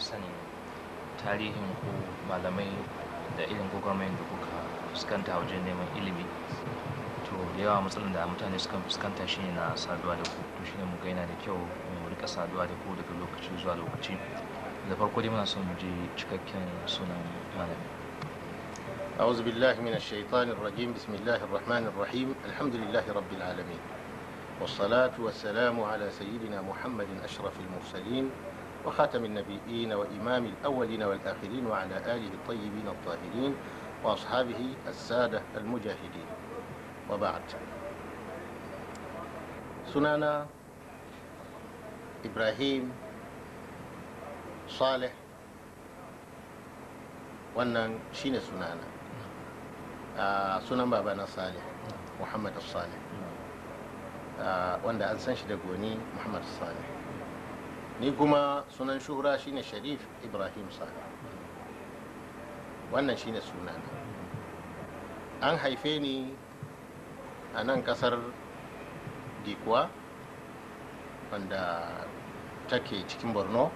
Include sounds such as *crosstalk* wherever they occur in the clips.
sanin tarihin ku malamai da irin gwagwarmayar da kuka fuskanta wajen neman ilimi to da yawa matsalar da mutane suka fuskanta shine na saduwa da ku to shine muka yana da kyau mu rika saduwa da ku daga lokaci zuwa lokaci da farko dai muna son mu ji cikakken sunan malami أعوذ بالله من الشيطان الرجيم بسم الله الرحمن الرحيم الحمد لله رب العالمين والصلاة والسلام على سيدنا محمد أشرف المرسلين وخاتم النبيين وإمام الأولين والآخرين وعلى آله الطيبين الطاهرين وأصحابه السادة المجاهدين وبعد sunana ibrahim saleh wannan shine sunana sunan babana saleh muhammad saleh wanda an san shi da goni muhammad saleh ni kuma sunan shuhura shine sharif ibrahim sani wannan shine sunana an haife ni a nan kasar dikuwa wanda take cikin borno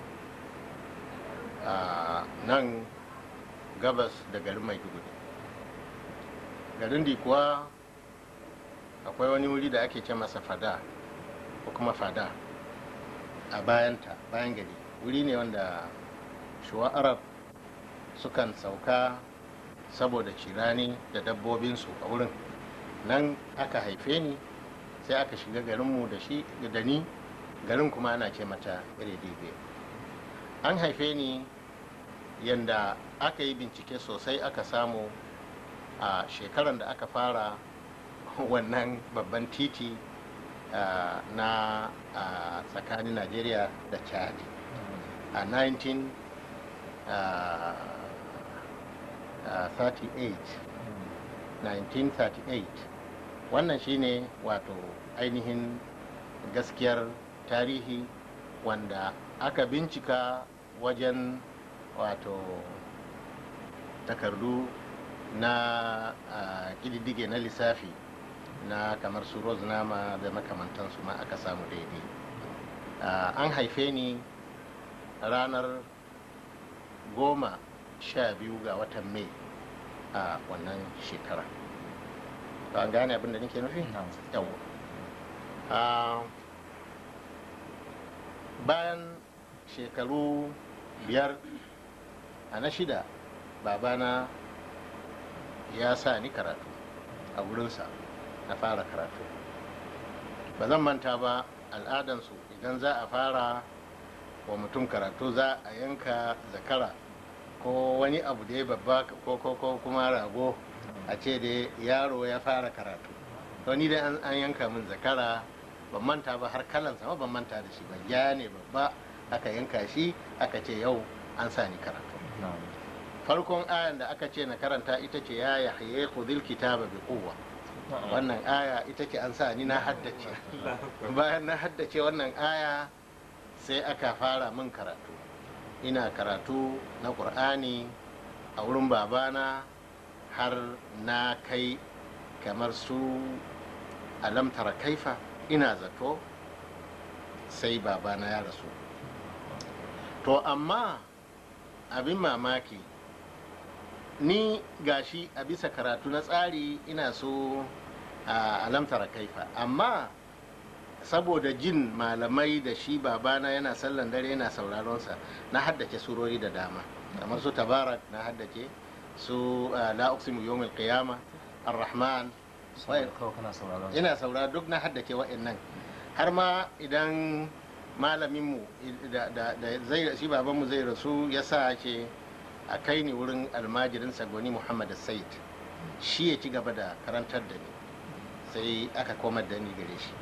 a nan gabas da garin maiduguri garin dikuwa akwai wani wuri da ake ce masa fada ko kuma fada a bayanta bayan gari wuri ne wanda shuwa arab sukan sauka saboda cirani da dabbobinsu a wurin nan aka haife ni sai aka shiga garinmu da shi da ni garin kuma ana ce mata iredibe an haife ni yadda aka yi bincike sosai aka samu a shekarar da aka fara *laughs* wannan babban titi na tsakanin najeriya da chad a 1938 1938 wannan shine wato ainihin gaskiyar tarihi wanda aka bincika wajen wato takardu na kididdige na lissafi na kamar su rose nama da makamantansu ma aka samu daidai ah, an haife ni ranar goma sha biyu ga watan mai a wannan shekara an gane abin da nake nufi yawo ah, bayan shekaru biyar a na shida babana ya sa ni karatu a wurinsa na fara karatu ba zan manta ba al'adansu idan za a fara wa mutum karatu za a yanka zakara ko wani abu da ya babba ko ko kuma rago a ce da yaro ya fara karatu wani da dai an yanka min zakara ban manta ba har kalan sama ban manta da shi ba ya ne babba aka yanka shi aka ce yau an sa ni karatu farkon ayan da aka ce na karanta ita ce ya yahye khudhil kitaba bi kowa wannan aya ita ke an sa ni na haddace bayan na haddace wannan aya sai aka fara min karatu ina karatu na ƙur'ani a wurin babana har na kai kamar su alamtara kaifa ina zato sai babana ya rasu to amma abin mamaki ni gashi a bisa karatu na tsari ina so a alamtara kaifa amma saboda jin malamai da shi babana yana sallan dare yana sauraronsa na haddace surori da dama kamar su tabarak na haddace su la uqsimu yawmil qiyama ar-rahman ina saura duk na haddace wa'annan har ma idan malaminmu da zai shi babanmu zai rasu ya sa ce a kai ni wurin almajirin sagoni muhammad said shi ya ci gaba da karantar da ni sai aka komar da ni gare shi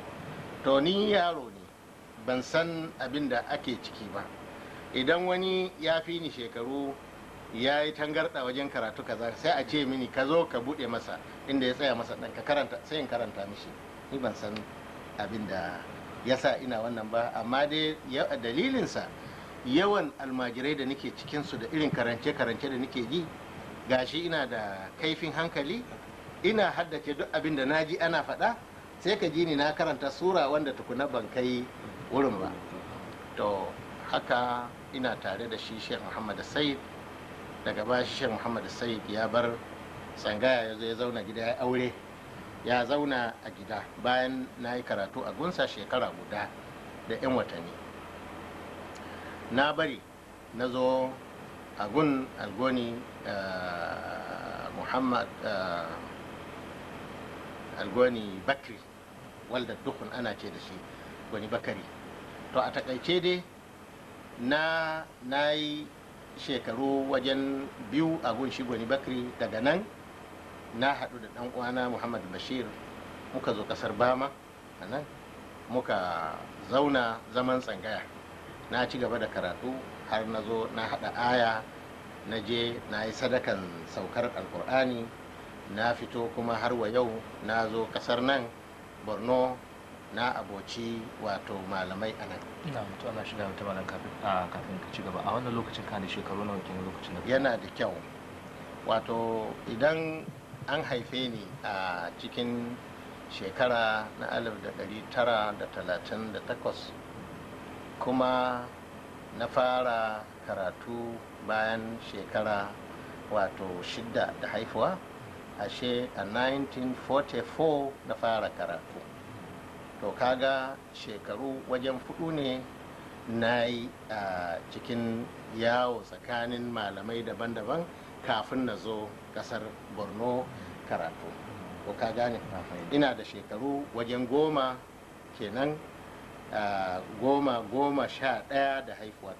to ni yaro ne ban san abin da ake ciki ba idan wani ya fi ni shekaru ya yi tangarɗa wajen karatu kaza sai a ce mini ka zo ka buɗe masa inda ya tsaya masa ɗan ka karanta sai in karanta mishi ni ban san abin da ya sa ina wannan ba amma dai dalilinsa yawan almajirai da nake cikinsu da irin karance-karance da nake yi gashi ina da kaifin hankali ina haddace duk abin da naji ana faɗa sai ka ji ni na karanta sura wanda tukuna ban kai wurin ba to haka ina tare da shi sheikh muhammad said daga ba shi muhammad said ya bar tsangaya ya zo ya zauna gida ya aure ya zauna a gida bayan na yi karatu a gunsa shekara guda da 'yan watanni na bari na zo a gun algoni eh, muhammad eh, algoni bakri wanda dukun ana ce da shi gwani bakari to a takaice dai na na yi shekaru wajen biyu a gun shi gwani bakri daga nan na haɗu da ɗan uwana muhammad bashir muka zo ƙasar bama a nan muka zauna zaman tsangaya na ci gaba da karatu har na zo na haɗa aya na je na yi sadakan saukar alkur'ani na fito kuma har wa yau na zo kasar nan borno na aboci wato malamai a nan to ana shiga wata malam kafin ci gaba a wannan lokacin da shekaru lokacin da yana da kyau wato idan an haife ni a cikin shekara na 1938 kuma na fara karatu bayan shekara wato shidda da haifuwa ashe a 1944 na fara karatu to kaga shekaru wajen fudu ne na yi a cikin yawo tsakanin malamai daban-daban kafin na zo kasar borno karatu ko ka gane ina da shekaru wajen goma kenan goma goma sha ɗaya da haifuwa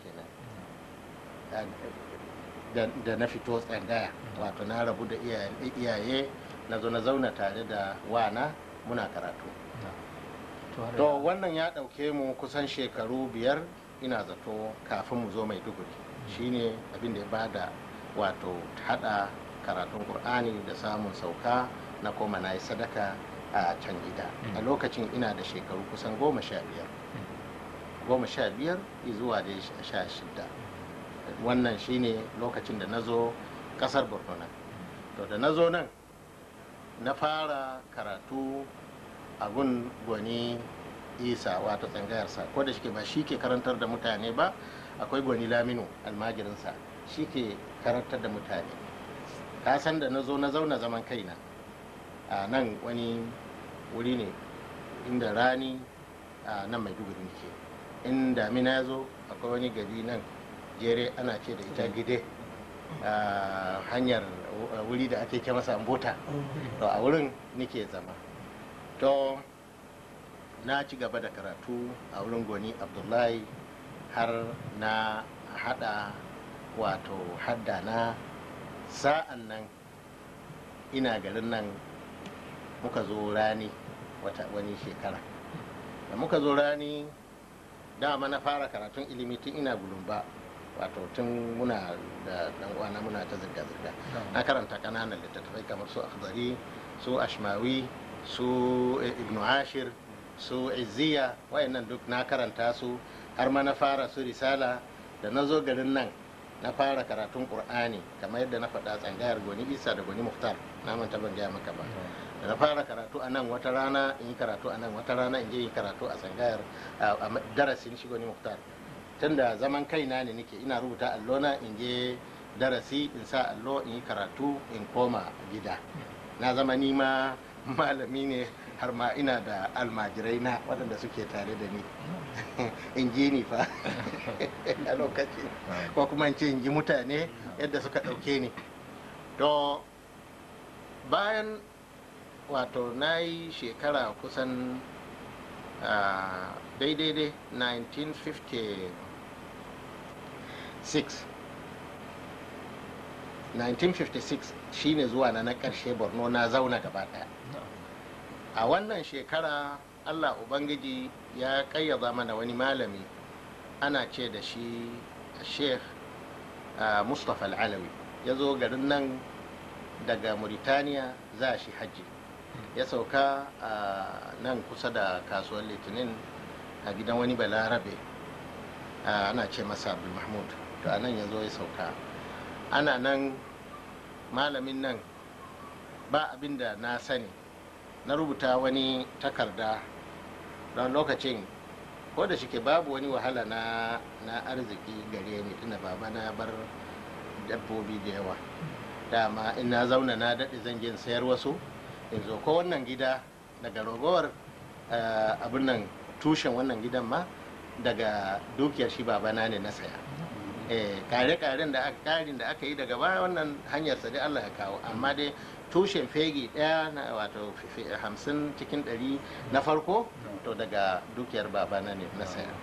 kenan da na fito tsangaya wato na rabu da iyaye na zo na zauna tare da wana muna karatu to wannan ya ɗauke mu kusan shekaru biyar ina zato kafin mu zo mai duguri shine abin da ya bada wato hada karatun Kur'ani da samun sauka na koma na yi sadaka a can gida a lokacin ina da shekaru kusan goma sha biyar goma sha biyar zuwa da sha shida wannan shine lokacin da na zo kasar borno to da na zo nan na fara karatu a gun gwani isa wato tsangayarsa ko da shike ba shi ke karantar da mutane ba akwai gwani laminu almajirinsa shi ke karantar da mutane kasan da na zo na zauna zaman kaina a nan wani wuri ne inda rani a nan maiduguri ke in damina ya zo akwai wani gari nan jere ana ce da ita gide a hanyar wuri da ake masa mota to a wurin nike zama to na ci gaba da karatu a wurin goni abdullahi har na hada wato hadda na sa'an nan ina garin nan muka zo rani wata wani shekara da muka zo rani dama na fara karatun ilimi tun ina gulumba wato tun muna da dan uwana muna ta zirga-zirga na karanta kananan littattafai kamar su akhzari su ashmawi su eh, ibnu ashir su izziya wayannan duk na karanta su har ma na fara su risala da na zo garin nan na fara karatun qur'ani kamar yadda na faɗa tsangayar goni isa da goni muhtar na manta ban gaya maka ba da na fara karatu a nan wata rana in yi karatu a nan wata rana in je yi karatu a sangayar a darasin shigo ni muktar tunda zaman kaina ne nake ina rubuta allona in je darasi in sa allo in yi karatu in koma gida na zama ni ma malami ne har ma ina da almajirai na waɗanda suke tare da ni *laughs* in ji ni fa *laughs* a lokaci ko kuma in ce in ji mutane yadda suka ɗauke ni to bayan wato na yi shekara kusan daidai 1956 1956 shine zuwa na na karshe borno na zauna gaba daya a wannan shekara allah ubangiji ya kayyaza mana wani malami ana ce da shi sheikh mustapha al'alawi ya zo garin nan daga muritaniya za shi hajji ya sauka a nan kusa da kasuwar litinin a gidan wani balarabe ana ce masa abu mahmud to a nan ya zo ya sauka ana nan malamin nan ba abin da na sani na rubuta wani takarda don lokacin ko da shike babu wani wahala na, arziki gare ni tunda baba na bar dabbobi da yawa dama ina zauna na daɗe zan sayar wasu yanzu ko wannan gida daga ragowar eh, abin nan tushen wannan gidan ma daga dukiyar shi babana ne na saya eh, kare-karen da aka karin da aka yi daga baya wannan hanyar sa dai Allah ya kawo amma dai tushen fegi daya na wato hamsin cikin ɗari na farko to daga dukiyar babana ne na saya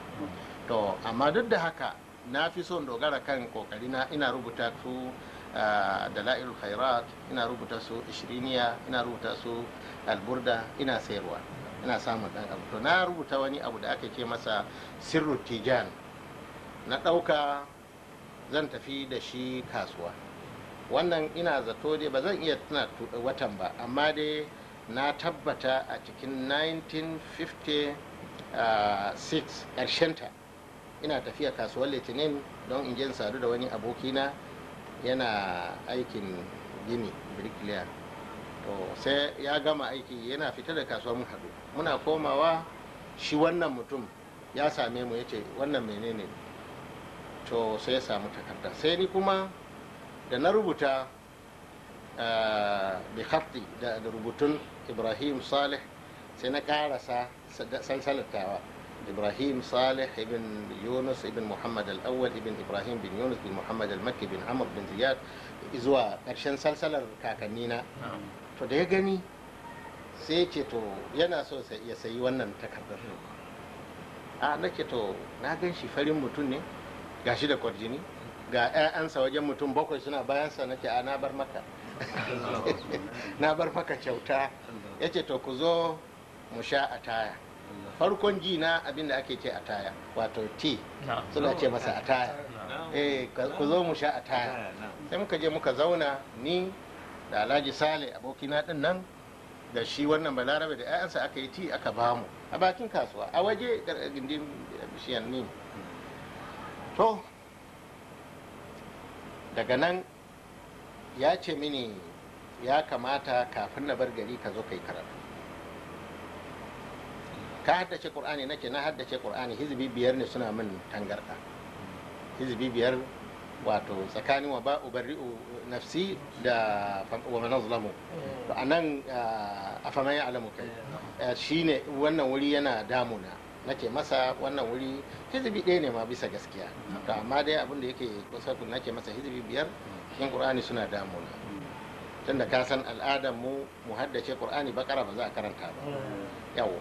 to amma duk da haka na fi son dogara kan kokari na ina rubuta su da la'irul khairat ina rubuta su ishiriniya ina rubuta su alburda ina sayarwa ina samun dan abu to na rubuta wani abu da aka ce masa sirru tijan na ɗauka zan tafi da shi kasuwa wannan ina zato dai ba zan iya tuna watan ba amma dai na tabbata a cikin 1956 ƙarshenta ina tafiya kasuwar litinin don in je sadu da wani abokina yana aikin gini bricklayer to sai ya gama aiki yana fita da kasuwa mu haɗu muna komawa shi wannan mutum ya same mu ya wannan menene to sai ya samu takarda sai ni kuma da na rubuta eh, bi khatti da rubutun ibrahim saleh sai na ƙarasa sansalatawa ابراهيم صالح ابن يونس ابن محمد الاول ابن ابراهيم بن يونس بن محمد المكي بن عمر بن زياد zuwa ƙarshen salsalar كاكنينا تو to غني سي gani sai ya yana ya sayi wannan takardar a na ce to na gan shi farin mutum ne ga shi da kwarjini ga 'ya'yansa wajen mutum bakwai suna bayansa na ce a na bar maka na bar maka kyauta ya to ku zo mu sha a taya farkon ji na abin da ake ce a taya wato ti suna ce masa a taya eh ku zo mu sha a taya sai muka je muka zauna ni da alhaji sale abokina din nan da shi wannan balarabe da 'ya'yansa aka yi ti aka bamu a bakin kasuwa a waje gindin bishiyar ni to daga nan ya ce mini ya kamata kafin na bar gari ka zo kai karatu ka haddace qur'ani nake na haddace qur'ani hizbi biyar ne suna min tangarda hizbi biyar wato tsakanin wa ba ubari nafsi da wa manazlamu to anan a faman ya alamu kai shine wannan wuri yana damuna nake masa wannan wuri hizbi ɗaya ne ma bisa gaskiya to amma dai abin da yake kusurku nake masa hizbi biyar cikin qur'ani suna damuna tunda ka san al'adar mu mu haddace qur'ani bakara ba za a karanta ba mm. yawwa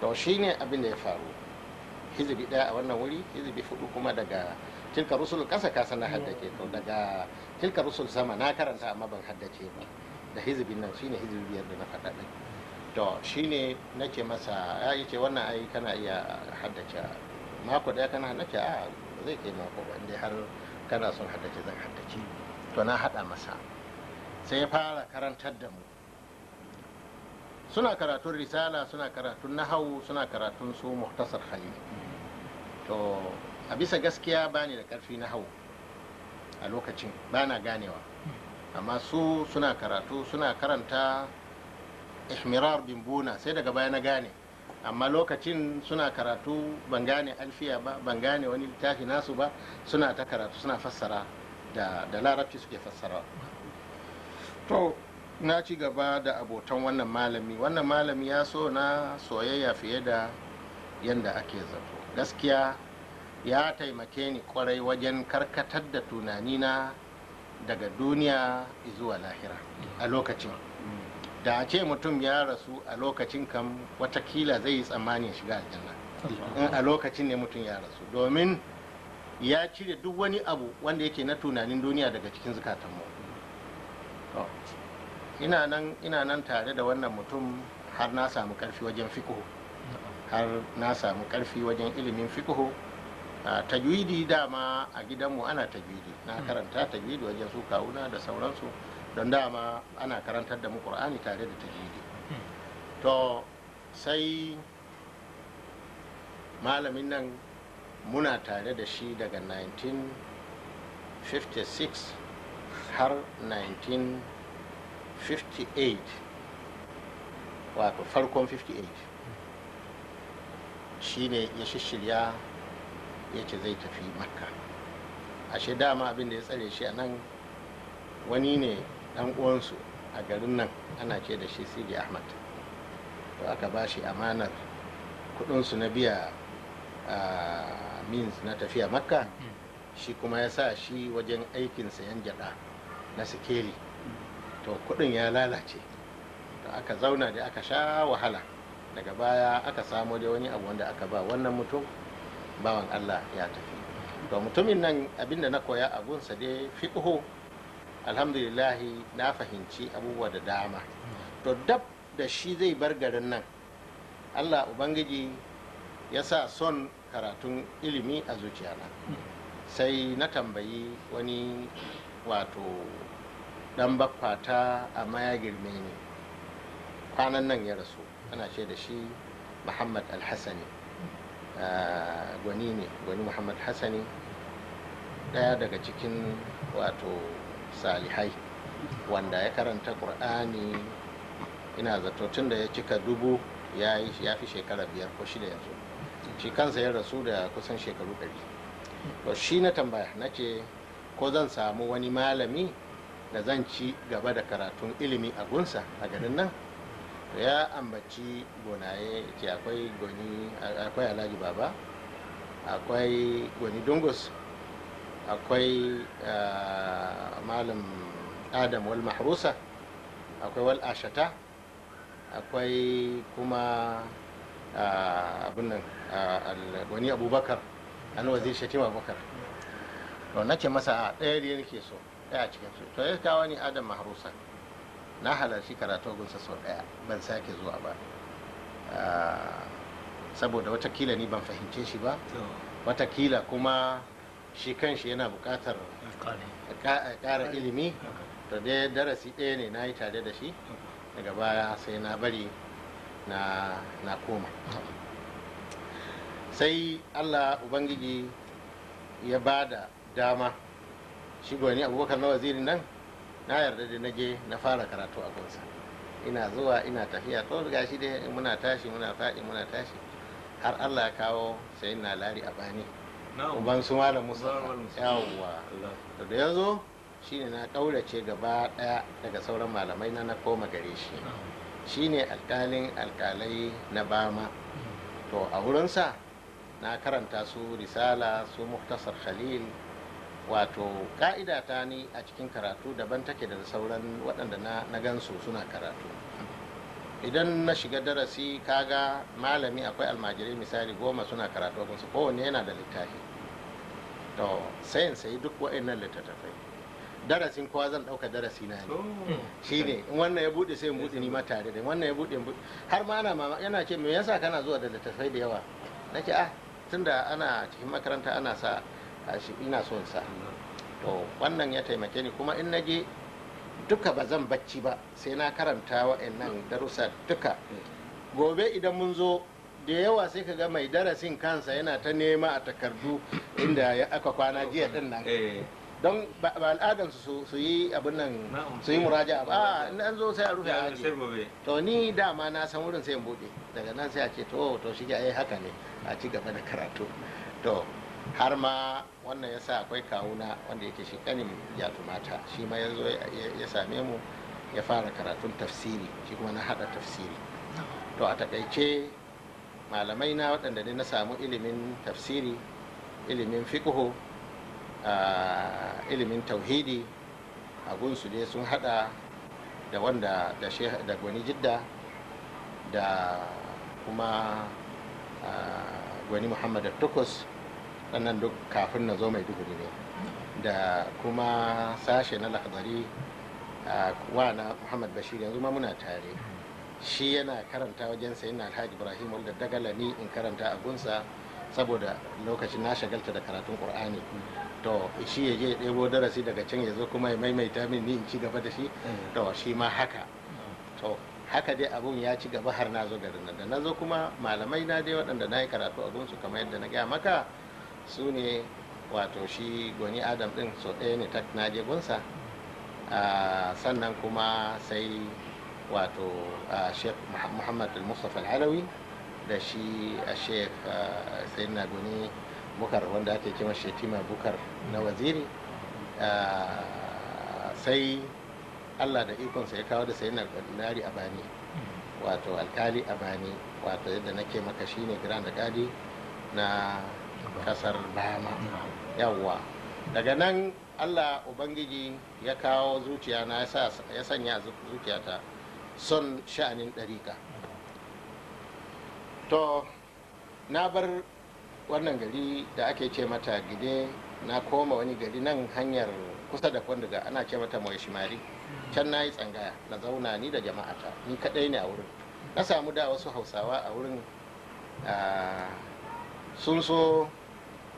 to ne abin da ya faru hizibi daya a wannan wuri hizibi hudu kuma daga tilka rusul kasa kasa na haddace to daga tilka rusul sama na karanta amma ban haddace ba da hizibin nan shine hizibi biyar da na faɗa din to shine nake masa ya ce wannan ai kana iya haddace mako daya kana nake a zai kai mako ba inda har kana son haddace zan haddace to na hada masa sai ya fara karantar da mu suna karatun risala suna karatun nahawu suna karatun su muhtasar hali to a bisa gaskiya bani da karfi nahawu a lokacin bana ganewa amma su suna karatu suna karanta ihmirar bin buna sai daga baya na gane amma lokacin suna karatu ban gane alfiya ba ban gane wani littafi nasu ba suna ta karatu suna fassara da larabci suke fassara na ci gaba da abotan wannan malami wannan malami ya so na soyayya fiye da yadda ake zato gaskiya ya taimake ni kwarai wajen karkatar da tunanina daga duniya zuwa lahira a lokacin da a ce mutum ya rasu a lokacin kam watakila zai yi tsammanin shiga aljanna in a lokacin ne mutum ya rasu domin ya cire duk wani abu wanda yake na tunanin duniya daga cikin zukatanmu ina nan tare da wannan mutum har na samu karfi wajen fikuhu har na samu karfi wajen ilimin fiqhu tajwidi dama a gidanmu ana tajwidi na hmm. karanta tajwidi wajen su kawuna da sauransu don dama ana karantar da mu qur'ani tare da tajwidi hmm. to sai malamin nan muna tare da shi daga 1956 har 19 58 wato farkon 58 shine ya shishirya ya ce zai tafi makka ashe dama abin da ya tsare shi a nan wani ne dan uwansu a garin nan ana ce da shi sidi ahmad to aka ba shi amanar kudinsu na biya a means na tafiya makka hmm. shi kuma ya sa shi wajen aikin sayan jada na sikeli to kudin ya lalace to aka zauna da aka sha wahala daga baya aka samo da wani abu wanda aka ba wannan mutum bawan allah ya tafi to mutumin nan abinda na koya a gunsa dai fiƙo alhamdulillahi na fahimci abubuwa da dama to dab da shi zai bar garin nan allah ubangiji ya sa son karatun ilimi a zuciyana sai na tambayi wani wato dan baffata a maya girme ne kwanan nan ya rasu ana ce da shi muhammad alhassani ah, gwani ne gwani muhammad hassani daya daga cikin wato salihai wanda ya karanta ƙur'ani ina zato tun da ya cika dubu ya fi shekara biyar ko shida yanzu shi kansa ya rasu da kusan shekaru ɗari to shi na tambaya na ce ko zan samu wani malami da zan ci gaba da karatun ilimi a gunsa a garin nan ya ambaci gonaye ce akwai goni akwai alhaji baba akwai goni dungus akwai ah, malam adam wal mahrusa akwai wal ashata akwai kuma ah, abin nan ah, goni abubakar an wazir shatima abubakar na ce masa a ɗaya da yake so daya cikin su to ya kawo ni adam mahrusa na halarci karatu gunsa sau daya ban sake zuwa ba ah, saboda watakila ni ban fahimce shi ba watakila kuma shi kanshi yana bukatar kara ilimi to dai darasi ɗaya ne na yi tare da shi daga baya sai na bari na koma sai allah ubangiji ya ba da dama shi gwani abubakar na wazirin nan na yarda da na je na fara karatu a kunsa ina zuwa ina tafiya to ga shi dai muna tashi muna faɗi muna tashi har allah ya kawo sai na lari a bani uban su malam musa yawwa da ya zo shine na ƙaurace gaba ɗaya daga sauran malamai na na koma gare shi shine alƙalin alƙalai na bama mm. to a wurinsa na karanta su risala su muhtasar khalil wato ka'ida ta ni a cikin karatu daban take da sauran waɗanda na gansu suna karatu idan na shiga darasi kaga malami akwai almajirai misali goma suna karatu gunsu kowanne yana da littafi to sai in sayi duk wa'annan littattafai darasin kowa zan ɗauka darasi na ne oh. shi ne wannan ya buɗe sai in buɗe ni ma tare da wannan ya buɗe har ma ana mama yana ce me yasa kana zuwa da littattafai da yawa nake ah tunda ana cikin makaranta ana sa shi ina son sa to wannan ya taimake ni kuma in na je duka ba zan bacci ba sai na karanta wa'annan darussa duka gobe idan mun zo da yawa sai ka ga mai darasin kansa yana ta nema a takardu inda ya aka kwana jiya din nan eh. don ba al'adansu su yi abin nan su yi muraja ba a ah, an zo sai a rufe aji to ni dama na san wurin sai in bude daga nan sai a ce to to shi ai eh, haka ne a ci gaba da karatu to har ma wannan yasa akwai kawuna wanda yake shi kanin ya tumata shi ma ya zo ya same mu ya fara karatun tafsiri shi kuma na hada tafsiri to a takaice malamai na waɗanda ne na samu ilimin tafsiri ilimin fiqhu ilimin tauhidi a gunsu ne sun hada da wanda da da gwani jidda da kuma gwani muhammad tukus wannan duk kafin na zo mai duguri ne da kuma sashe na lahadari a na muhammad bashir yanzu ma muna tare shi yana karanta wajen sayin na alhaji ibrahim wanda dagala ni in karanta a gunsa saboda lokacin na shagalta da karatun qur'ani to shi ya je ɗebo darasi daga can ya zo kuma ya maimaita min ni in ci gaba da shi mm. to shi ma haka to haka dai abun ya ci gaba har na zo garin nan da na zo kuma malamai na dai waɗanda na yi karatu a gunsu kamar yadda na gaya maka su ne wato shi gwani adam din so ɗaya ne ta naje gunsa sannan kuma sai wato sheikh muhammad al-mustapha alawi da shi a sheikh na gwani bukar wanda ake kima shetima bukar na waziri sai allah da ikonsa ya kawo da sayyidina nari a bani wato alkali a bani wato yadda nake maka shine grand gadi na kasar bama yawwa daga nan allah ubangiji ya kawo zuciya na ya sanya zuciyata son sha'anin ɗarika to na bar wannan gari da ake ce mata gide na koma wani gari nan hanyar kusa da kwanduga ana ce mata mai shimari can na yi tsangaya na zauna ni da jama'ata ni kadai ne a wurin na samu da wasu hausawa a wurin ah, sun so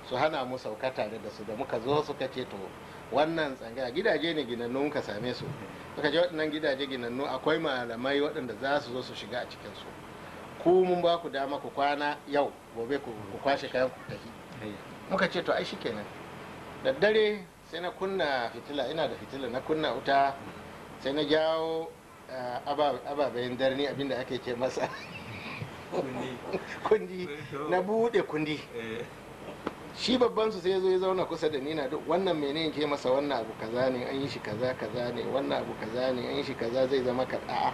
su hana mu sauka tare da su da muka zo suka ce to wannan tsangaya gidaje ne ginannu muka same su suka je waɗannan gidaje ginannu akwai malamai waɗanda za su zo su shiga a cikin su ku mun ba ku dama ku kwana yau gobe ku kwashe kayan ku tafi muka ce to ai shikenan da dare sai na kunna fitila ina da fitila na kunna wuta sai na jawo eh, ababen darni abinda ake ce masa *laughs* *laughs* kundi na bude kundi eh. shi babbansu su sai zo ya zauna kusa da ni na duk wannan mene ke masa wannan abu kaza ne an yi shi kaza kaza ne wannan abu kaza ne an yi shi kaza zai zama kaza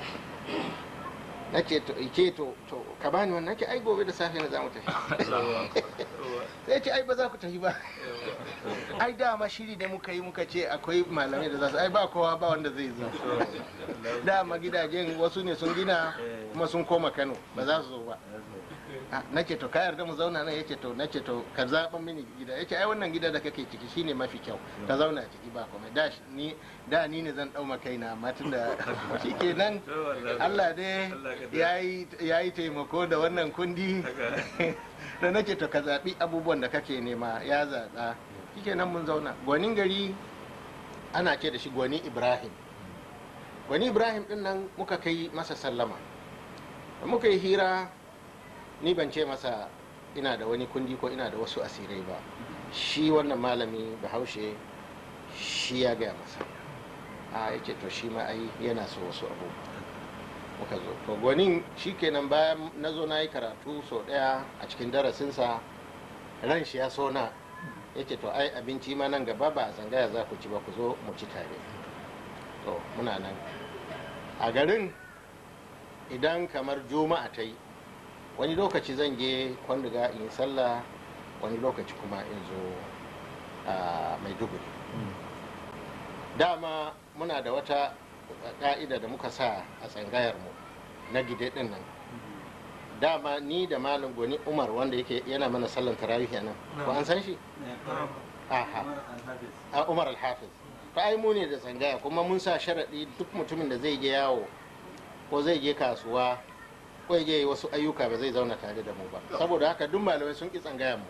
na ce to ike to to ka bani wannan ke ai gobe da safe na zamu tafi *laughs* sai ce ai ba za ku tafi ba *laughs* ai dama shiri ne muka yi muka ce akwai malamai da za su ai ba kowa ba wanda zai zo *laughs* dama gidajen wasu ne sun gina kuma sun koma Kano ba za su zo ba nake to ka yarda mu zauna nan yace to nace to ka zaɓa mini gida yace ai wannan gida da kake ciki shine mafi kyau ka zauna ciki ba komai da ni da ni ne zan dauma kaina amma tunda *laughs* shikenan Allah dai yayi yayi taimako da wannan kundi *laughs* da nake to ka zaɓi abubuwan da kake nema ya zaɓa shikenan mun zauna gwanin gari ana ce da shi gwani Ibrahim gwani Ibrahim din nan muka kai masa sallama muka yi hira ni ban ce masa ina da wani kundi ko ina da wasu asirai ba shi wannan malami bahaushe shi ya gaya masa a yake to shi ma ai yana so wasu abubuwa muka zo to gwanin shi kenan bayan na zo na yi karatu sau daya a cikin darasinsa ran shi ya so na yake to ai abinci ma nan gaba ba a zangaya za ku ci ba ku zo mu ci tare to muna nan a garin idan kamar juma'a ta yi wani lokaci zan je kwanduga in yi sallah wani lokaci kuma in zo maiduguri hmm. dama muna da wata ka'ida da muka sa a tsangayarmu na gide din nan hmm. dama ni da malam goni umar wanda yake yana mana sallan tarawih nan ko an san shi eh, a umar alhafiz ah, ta ai mu ne da tsangaya kuma mun sa sharaɗi duk mutumin da zai je yawo ko zai je kasuwa ko je wasu ayyuka ba zai zauna tare da mu ba saboda haka duk malamai sun ki tsangaya mu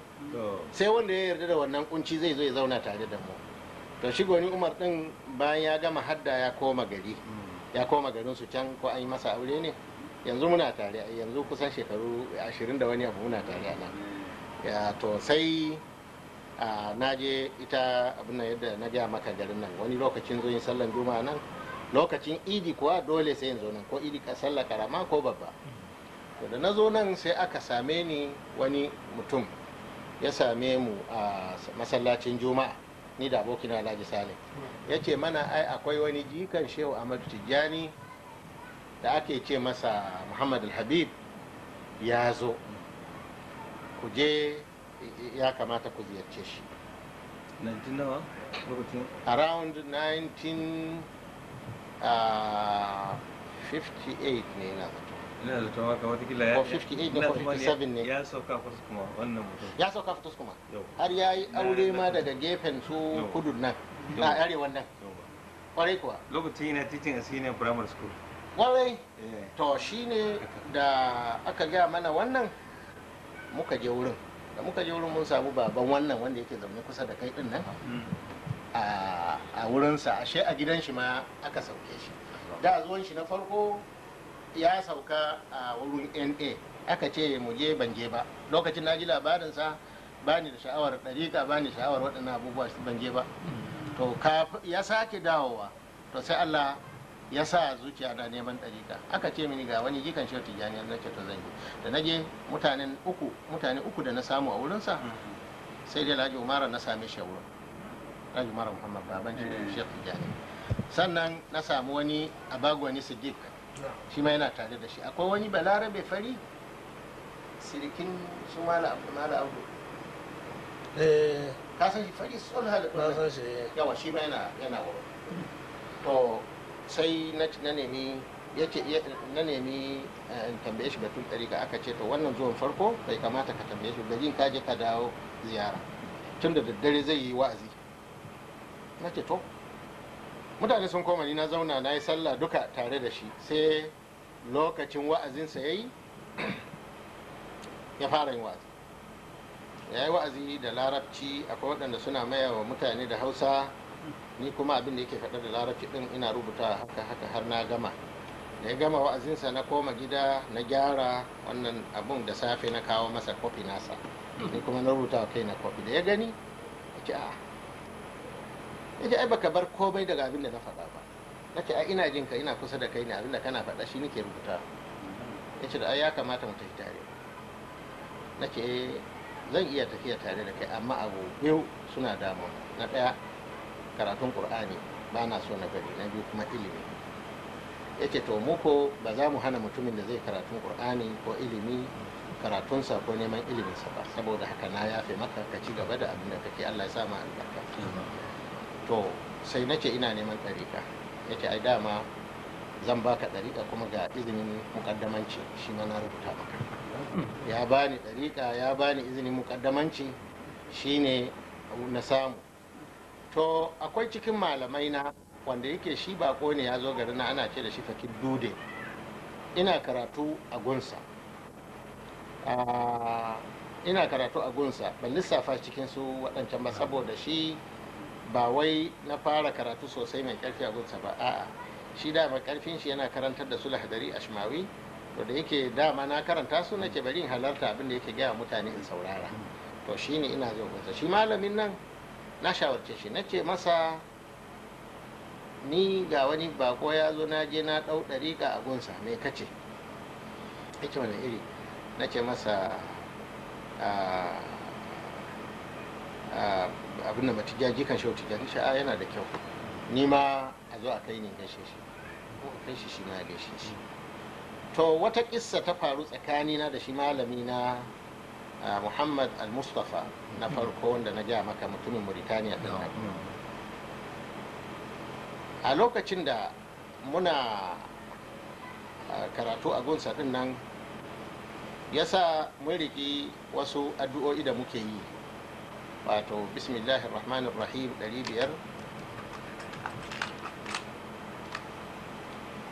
sai wanda ya yarda da wannan kunci zai zo ya zauna tare da mu to shi goni umar din bayan ya gama hadda ya koma gari mm. ya koma garin su can ko an yi masa aure ne yanzu muna tare yanzu kusan shekaru ashirin da wani abu muna tare nan ya to sai na je ita abin yadda na gaya maka garin nan wani lokacin zo yin sallan juma'a nan lokacin idi kuwa dole sai yanzu nan ko idi sallah karama ko babba mm. to da na zo nan sai aka same ni wani mutum ya same mu a masallacin juma'a ni da abokina alhaji sale. ya ce mana ai akwai wani jikan shehu ahmadu tijjani da ake ce masa muhammad habib ya zo ku ya kamata ku ziyarce shi around 1958 ah, ne na ina da tawa ka watakila ya 58 ne ko 57 ne ya sauka kuma wannan mutum ya sauka kuma har ya yi aure ma daga gefen su kudu nan na arewan nan kwarai kuwa lokacin yana titin a senior primary school kwarai eh. to shi ne da aka gaya mana wannan muka je wurin da muka je wurin mun samu baban wannan wanda yake zaune kusa da kai din nan hmm. a wurinsa a gidan shi ma aka sauke shi da zuwan shi na farko ya sauka a wurin na aka ce mu je ban je ba lokacin na ji labarinsa ba ni da sha'awar dariƙa ba ni sha'awar waɗannan abubuwa ban je ba to ya sake dawowa to sai allah ya sa zuciya na neman dariƙa aka ce mini ga wani jikan shehu tijjani na ce to zan yi da na je mutanen uku mutane uku da na samu a wurinsa sai dai laji umara na same shi a wurin laji umara muhammad baban shehu tijjani sannan na samu wani abagwani siddiq shi ma yana tare da shi akwai wani balarabe fari sirikin su mala abu mala abu eh. ka san shi fari sun hada kuma san shi eh. yawa shi ma yana yana wurin to sai na nemi ya ce na nemi eh, in tambaye shi batun ga aka ce to wannan zuwan farko bai kamata ka tambaye shi gajin kaje ka dawo ziyara tun da daddare zai yi wa'azi na ce to mutane sun koma ni na zauna na yi sallah duka tare da shi sai lokacin wa'azinsa ya yi ya fara yin wa'azi ya yi wa'azi da larabci akwai waɗanda suna maya wa mutane da hausa ni kuma abin da yake faɗa da larabci ɗin ina rubuta haka haka har na gama da ya gama wa'azinsa na koma gida na gyara wannan abun da safe na kawo masa kofi nasa ni kuma na rubuta kai na kofi da ya gani a yace ai baka bar komai daga abin da na faɗa ba nace ai ina jin ka ina kusa da kai ne abin da kana faɗa shi nake rubuta yace da ai ya kamata mu tafi tare nace eh, zan iya tafiya tare da kai amma abu biyu suna damu na ɗaya karatun qur'ani ba na so na gari na biyu kuma ilimi yace to mu ko ba za mu hana mutumin da zai karatun qur'ani ko ilimi karatunsa ko neman iliminsa ba saboda haka na yafe maka ka ci gaba da abin da kake Allah ya sa ma albarka to sai na ce ina neman ɗariƙa ya ce ai dama zan baka ɗariƙa kuma ga izinin mukaddamanci shi ma na rubuta maka ya bani ɗariƙa ya bani izinin mukaddamanci shi ne na samu to akwai cikin malamai na wanda yake shi bako ne ya zo gari na ana ce da shi fakin dude ina karatu a gunsa ina karatu a gunsa ban lissafa cikin su waɗancan ba saboda shi ba wai na fara karatu sosai mai karfi a gunsa ba a'a shi dama karfin shi yana karantar da su lahadari a shimawi to da yake dama na karanta su nake bari in halarta abin da yake gaya mutane in saurara to shi ne ina zo gunsa shi malamin nan na shawarce shi na ce masa ni ga wani bako ya zo na je na dau dariƙa a gunsa mai kace yake wani iri na ce masa ah, ah, abin da matijiya jikan shi tijiya shi a yana da kyau ni ma a zo a kai ni gaishe shi ko kai shi shi na gaishe shi to wata kissa ta faru tsakani na da shi malami na ah, muhammad al-mustafa na farko wanda na ja maka mutumin mauritaniya din nan a lokacin da muna ah, karatu a gunsa din nan ya sa mun riki wasu addu'o'i da muke yi wato bismillahir rahmanir rahim 500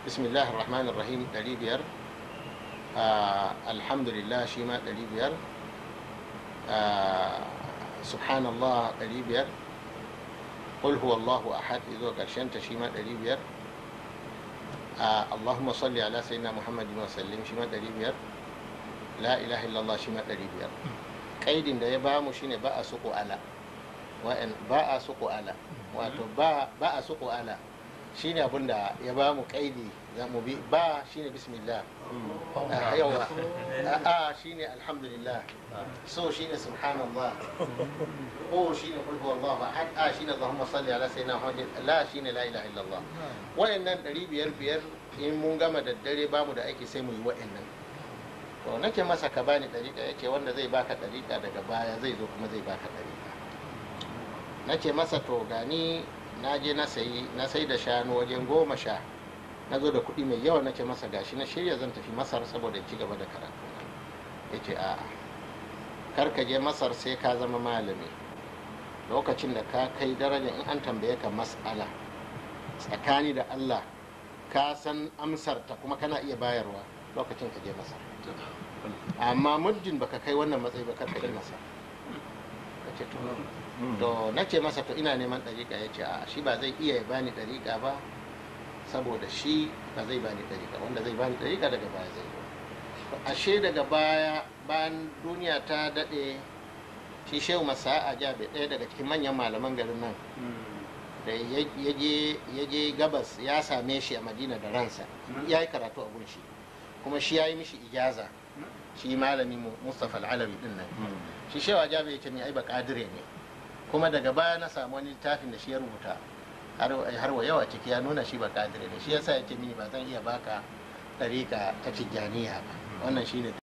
bismillahir rahmanir rahim 500 alhamdulillah shi ma 500 subhanallah 500 qul huwallahu ahad izo karshen ta shi ma 500 اللهم صل على سيدنا محمد وسلم شما 500 لا اله الا الله شما 500 kaidin da ya mu shine ba a suku ala wa'an ba a suku ala wato ba a suku ala shine abin da ya mu kaidi za mu bi ba shine bismillah mm. ah, yawa a shine alhamdulillah so shine subhanallah o oh, shine qul huwallahu ba a ah, shine allahumma salli ala na muhammad la shine la ilaha illallah nan 500 biyar in mun gama daddare bamu da aiki sai mu yi nan to nake masa ka bani ɗari ya ce wanda zai baka ɗariƙa daga baya zai zo kuma zai baka ɗariƙa na ce masa to gani na je na sayi na sai da shanu wajen goma sha na zo da kuɗi mai yawa na masa gashi na shirya zan tafi masar saboda ci gaba da karatu ya ce a'a kar ka je masar sai ka zama malami lokacin da ka kai daraja in an tambaye ka mas'ala tsakani da allah ka san amsar ta kuma kana iya bayarwa lokacin ka je masar amma muddin baka kai wannan matsayi ba karka yi masa kace to to na ce masa to ina neman dariƙa ya ce a shi ba zai iya ya bani dariƙa ba saboda shi ba zai bani ɗariƙa wanda zai bani dariƙa daga baya zai yi ashe daga baya bayan duniya ta daɗe shi shehu masa a jabe ɗaya daga cikin manyan malaman garin nan da ya je gabas ya same shi a madina da ransa ya yi karatu a gunshi kuma shi ya yi mishi ijaza shi malami mustapha al'alami din nan hmm. shi shewa ya ce ni ai ba kadire ne kuma daga baya na samu wani littafin da shi ya rubuta har wa yawa ciki ya nuna shi ba kadire ne shi yasa ya ce mini ba zan iya baka ɗarika ta tijjaniya ba hmm. wannan shi ne.